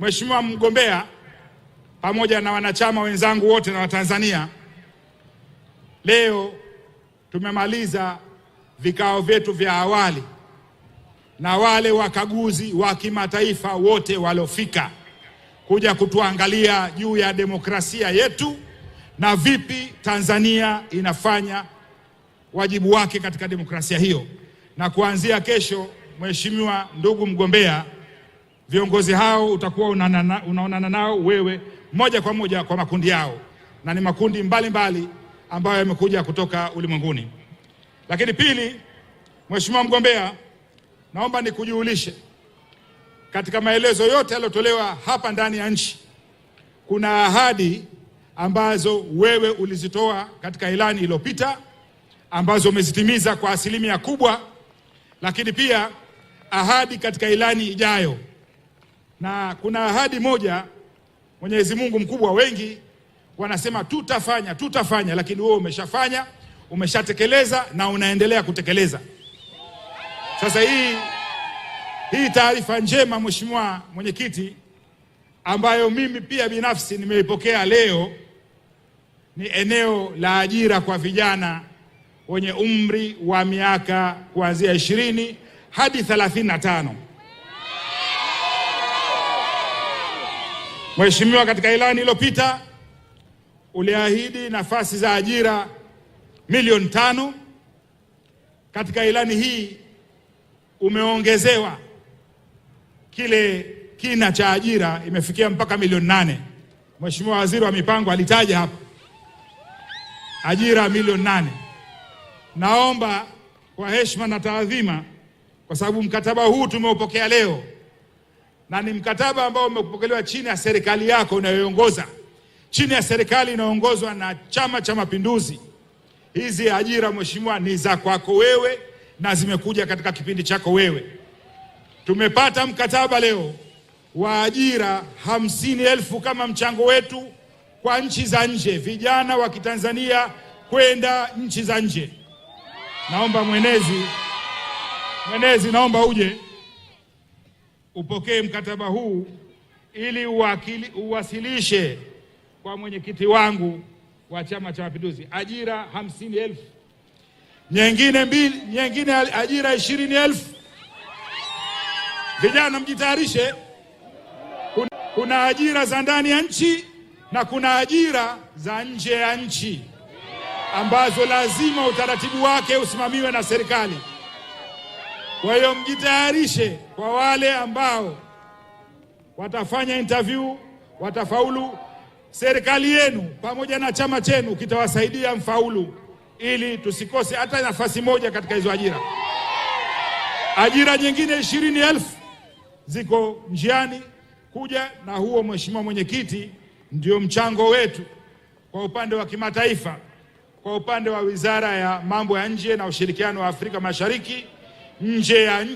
Mheshimiwa mgombea pamoja na wanachama wenzangu wote na Watanzania, leo tumemaliza vikao vyetu vya awali na wale wakaguzi wa kimataifa wote waliofika kuja kutuangalia juu ya demokrasia yetu na vipi Tanzania inafanya wajibu wake katika demokrasia hiyo. Na kuanzia kesho, Mheshimiwa ndugu mgombea Viongozi hao utakuwa unaonana nao wewe moja kwa moja kwa makundi yao, na ni makundi mbalimbali mbali ambayo yamekuja kutoka ulimwenguni. Lakini pili, Mheshimiwa mgombea, naomba nikujulishe katika maelezo yote yaliyotolewa hapa ndani ya nchi, kuna ahadi ambazo wewe ulizitoa katika ilani iliyopita ambazo umezitimiza kwa asilimia kubwa, lakini pia ahadi katika ilani ijayo na kuna ahadi moja Mwenyezi Mungu mkubwa. Wengi wanasema tutafanya, tutafanya, lakini wewe umeshafanya, umeshatekeleza na unaendelea kutekeleza. Sasa hii hii taarifa njema, Mheshimiwa Mwenyekiti, ambayo mimi pia binafsi nimeipokea leo, ni eneo la ajira kwa vijana wenye umri wa miaka kuanzia ishirini hadi thelathini na tano. Mheshimiwa, katika ilani iliyopita uliahidi nafasi za ajira milioni tano. Katika ilani hii umeongezewa kile kina cha ajira, imefikia mpaka milioni nane. Mheshimiwa Waziri wa Mipango alitaja hapa ajira milioni nane. Naomba kwa heshima na taadhima, kwa sababu mkataba huu tumeupokea leo na ni mkataba ambao umepokelewa chini ya serikali yako unayoongoza, chini ya serikali inayoongozwa na Chama cha Mapinduzi. Hizi ajira mheshimiwa, ni za kwako wewe na zimekuja katika kipindi chako wewe. Tumepata mkataba leo wa ajira hamsini elfu kama mchango wetu kwa nchi za nje, vijana wa Kitanzania kwenda nchi za nje. Naomba mwenezi, mwenezi, naomba uje upokee mkataba huu ili uwakili, uwasilishe kwa mwenyekiti wangu wa Chama cha Mapinduzi ajira hamsini elfu nyingine mbili, nyingine ajira ishirini elfu Vijana mjitayarishe, kuna ajira za ndani ya nchi na kuna ajira za nje ya nchi ambazo lazima utaratibu wake usimamiwe na serikali. Kwa hiyo mjitayarishe kwa wale ambao watafanya interview, watafaulu. Serikali yenu pamoja na chama chenu kitawasaidia mfaulu, ili tusikose hata nafasi moja katika hizo ajira. Ajira nyingine ishirini elfu ziko njiani kuja, na huo Mheshimiwa Mwenyekiti, ndio mchango wetu kwa upande wa kimataifa, kwa upande wa Wizara ya Mambo ya Nje na Ushirikiano wa Afrika Mashariki 你先样